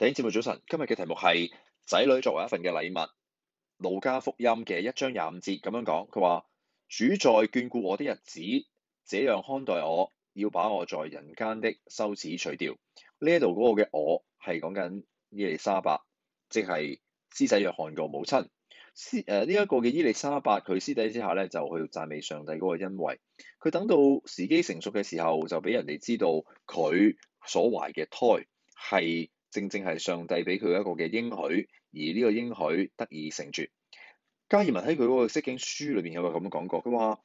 聽住節目早晨，今日嘅題目係仔女作為一份嘅禮物。路加福音嘅一章廿五節咁樣講，佢話主在眷顧我啲日子，這樣看待我，要把我在人間的羞恥除掉。呢一度嗰個嘅我係講緊伊麗莎白，即係施洗約翰個母親。施誒呢一個嘅伊麗莎白，佢私底下咧就去讚美上帝嗰個恩惠。佢等到時機成熟嘅時候，就俾人哋知道佢所懷嘅胎係。正正係上帝俾佢一個嘅應許，而呢個應許得以成全。加爾文喺佢嗰個《釋經書》裏邊有個咁嘅講過，佢話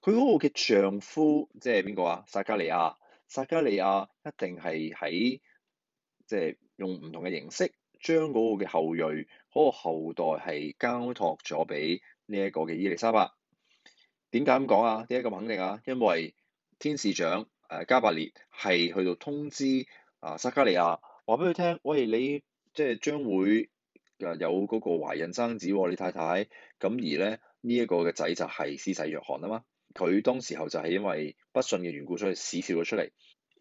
佢嗰個嘅丈夫即係邊個啊？撒加利亞，撒加利亞一定係喺即係用唔同嘅形式將嗰個嘅後裔嗰個後代係交託咗俾呢一個嘅伊麗莎白。點解咁講啊？點解咁肯定啊？因為天使長誒加百列係去到通知啊撒加利亞，話俾佢聽，喂，你即係將會誒有嗰個懷孕生子喎、哦，你太太咁而咧呢一、這個嘅仔就係施洗約翰啊嘛，佢當時候就係因為不信嘅緣故，所以恥笑咗出嚟，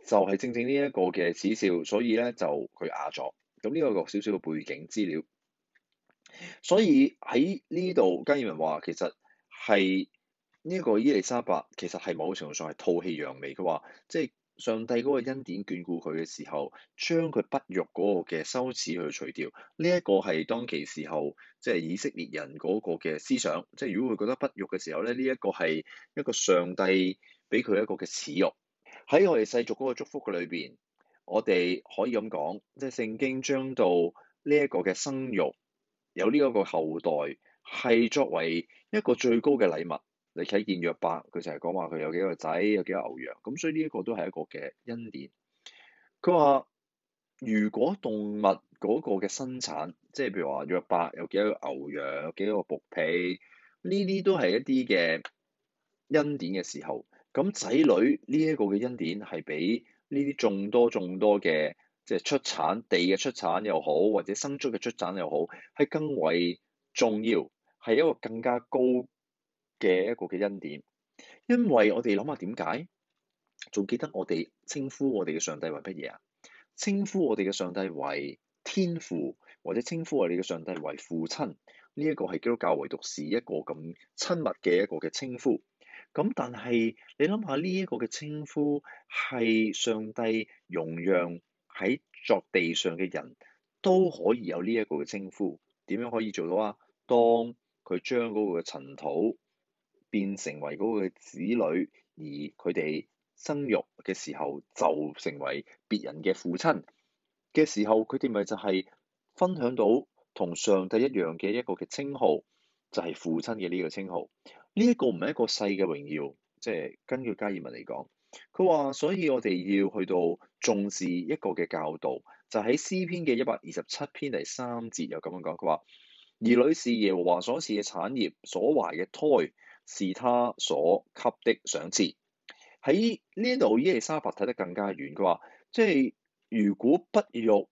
就係、是、正正呢一個嘅恥笑，所以咧就佢啞咗。咁呢一個少少嘅背景資料，所以喺呢度，加爾文話其實係呢一個伊麗莎白，其實係某程度上係吐氣揚眉。嘅話即係。上帝嗰個恩典眷顧佢嘅時候，將佢不育嗰個嘅羞恥去除掉，呢一個係當其時候，即係以色列人嗰個嘅思想，即係如果佢覺得不育嘅時候咧，呢一個係一個上帝俾佢一個嘅恥辱。喺我哋世俗嗰個祝福佢裏邊，我哋可以咁講，即係聖經將到呢一個嘅生育有呢一個後代，係作為一個最高嘅禮物。你睇見約伯，佢成日講話佢有幾個仔，有幾多牛羊，咁所以呢一個都係一個嘅恩典。佢話如果動物嗰個嘅生產，即係譬如話約伯有幾多牛羊，有幾多個僕婢，呢啲都係一啲嘅恩典嘅時候。咁仔女呢一個嘅恩典係比呢啲眾多眾多嘅，即係出產地嘅出產又好，或者牲畜嘅出產又好，係更為重要，係一個更加高嘅一個嘅恩典，因為我哋諗下點解，仲記得我哋稱呼我哋嘅上帝為乜嘢啊？稱呼我哋嘅上帝為天父，或者稱呼我哋嘅上帝為父親，呢一個係基督教唯獨是一個咁親密嘅一個嘅稱呼。咁但係你諗下呢一個嘅稱呼係上帝容讓喺作地上嘅人都可以有呢一個嘅稱呼，點樣可以做到啊？當佢將嗰個嘅塵土變成為嗰個子女，而佢哋生育嘅時候就成為別人嘅父親嘅時候，佢哋咪就係分享到同上帝一樣嘅一個嘅稱號，就係、是、父親嘅呢個稱號。呢、這個、一個唔係一個細嘅榮耀，即、就、係、是、根據加爾文嚟講，佢話所以我哋要去到重視一個嘅教導，就喺、是、詩篇嘅一百二十七篇第三節又咁樣講，佢話兒女是耶和華所賜嘅產業，所懷嘅胎，是他所給的賞賜。喺呢度，伊麗莎白睇得更加遠，嘅話，即係如果不育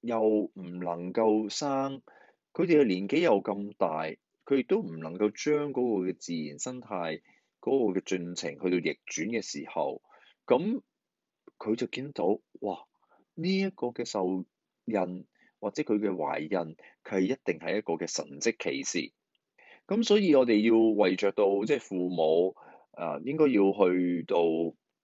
又唔能夠生，佢哋嘅年紀又咁大，佢亦都唔能夠將嗰個嘅自然生態嗰個嘅進程去到逆轉嘅時候，咁佢就見到哇，呢一個嘅受孕或者佢嘅懷孕，佢係一定係一個嘅神跡奇事。咁所以我，我哋要為着到即係父母啊，應該要去到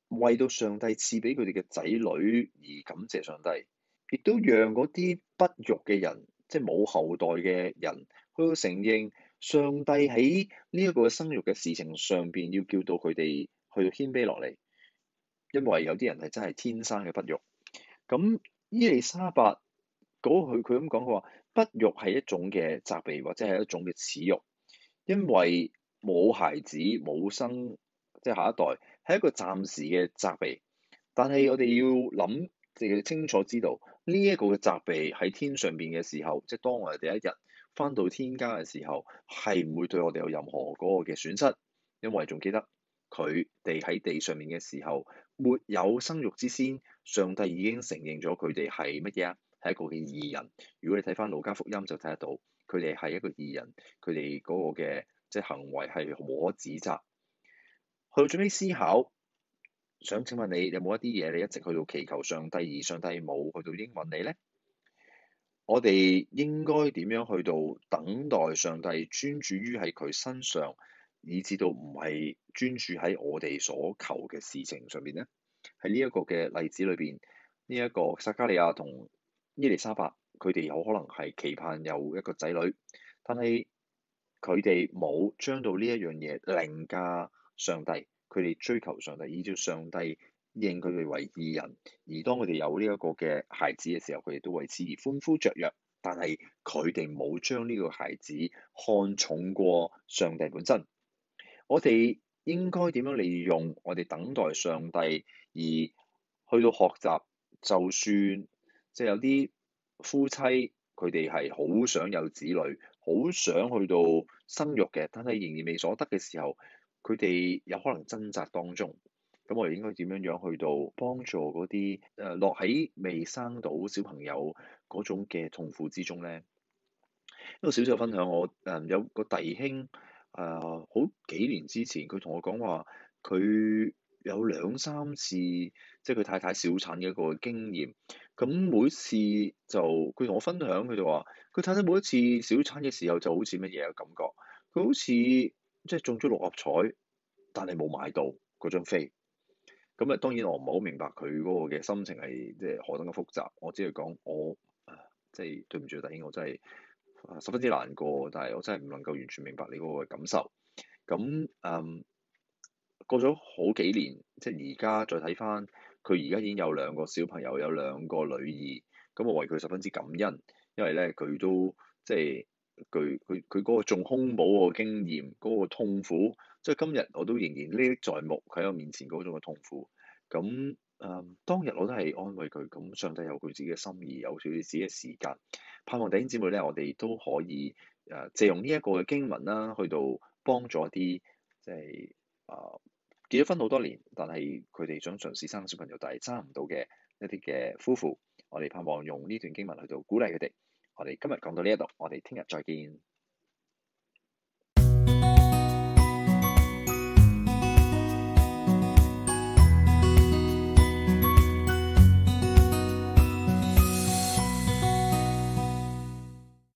為到上帝賜俾佢哋嘅仔女而感謝上帝，亦都讓嗰啲不育嘅人，即係冇後代嘅人，去到承認上帝喺呢一個生育嘅事情上邊要叫到佢哋去到謙卑落嚟，因為有啲人係真係天生嘅不育。咁伊麗莎白嗰佢佢咁講，佢話不育係一種嘅責備，或者係一種嘅恥辱。因為冇孩子冇生即係下一代，係一個暫時嘅責備。但係我哋要諗，即清楚知道呢一個嘅責備喺天上邊嘅時候，即係當我哋第一日翻到天家嘅時候，係唔會對我哋有任何嗰個嘅損失。因為仲記得佢哋喺地上面嘅時候沒有生育之先，上帝已經承認咗佢哋係乜嘢？係一個嘅義人。如果你睇翻《路加福音》就睇得到。佢哋係一個異人，佢哋嗰個嘅即係行為係無可指責。去到最尾思考，想請問你有冇一啲嘢你一直去到祈求上帝，而上帝冇去到應允你咧？我哋應該點樣去到等待上帝，專注於喺佢身上，以至到唔係專注喺我哋所求嘅事情上邊咧？喺呢一個嘅例子裏邊，呢、這、一個撒加利亞同伊麗莎白。佢哋好可能係期盼有一個仔女，但係佢哋冇將到呢一樣嘢凌駕上帝。佢哋追求上帝，依照上帝認佢哋為義人。而當佢哋有呢一個嘅孩子嘅時候，佢哋都為此而歡呼雀躍。但係佢哋冇將呢個孩子看重過上帝本身。我哋應該點樣利用我哋等待上帝而去到學習？就算即係有啲。夫妻佢哋係好想有子女，好想去到生育嘅，但係仍然未所得嘅時候，佢哋有可能掙扎當中。咁我哋應該點樣樣去到幫助嗰啲誒落喺未生到小朋友嗰種嘅痛苦之中呢？一個小小分享，我誒有個弟兄誒好、呃、幾年之前，佢同我講話，佢有兩三次即係佢太太小產嘅一個經驗。咁每次就佢同我分享，佢就話佢睇睇每一次小餐嘅時候，就好似乜嘢嘅感覺？佢好似即係中咗六合彩，但係冇買到嗰張飛。咁啊，當然我唔係好明白佢嗰個嘅心情係即係何等嘅複雜。我只係講我即係對唔住弟兄，我真係十分之難過，但係我真係唔能夠完全明白你嗰個感受。咁嗯，過咗好幾年，即係而家再睇翻。佢而家已經有兩個小朋友，有兩個女兒，咁我為佢十分之感恩，因為咧佢都即係佢佢佢嗰個縱空保個經驗，嗰、嗰個痛苦，即係今日我都仍然歷歷在目喺我面前嗰種嘅痛苦。咁誒、呃、當日我都係安慰佢，咁上帝有佢自己嘅心意，有佢自己嘅時間，盼望弟兄姊妹咧，我哋都可以誒借用呢一個嘅經文啦，去到幫助一啲即係誒。呃結咗婚好多年，但係佢哋想嘗試生小朋友，但係生唔到嘅一啲嘅夫婦，我哋盼望用呢段經文去到鼓勵佢哋。我哋今日講到呢一度，我哋聽日再見。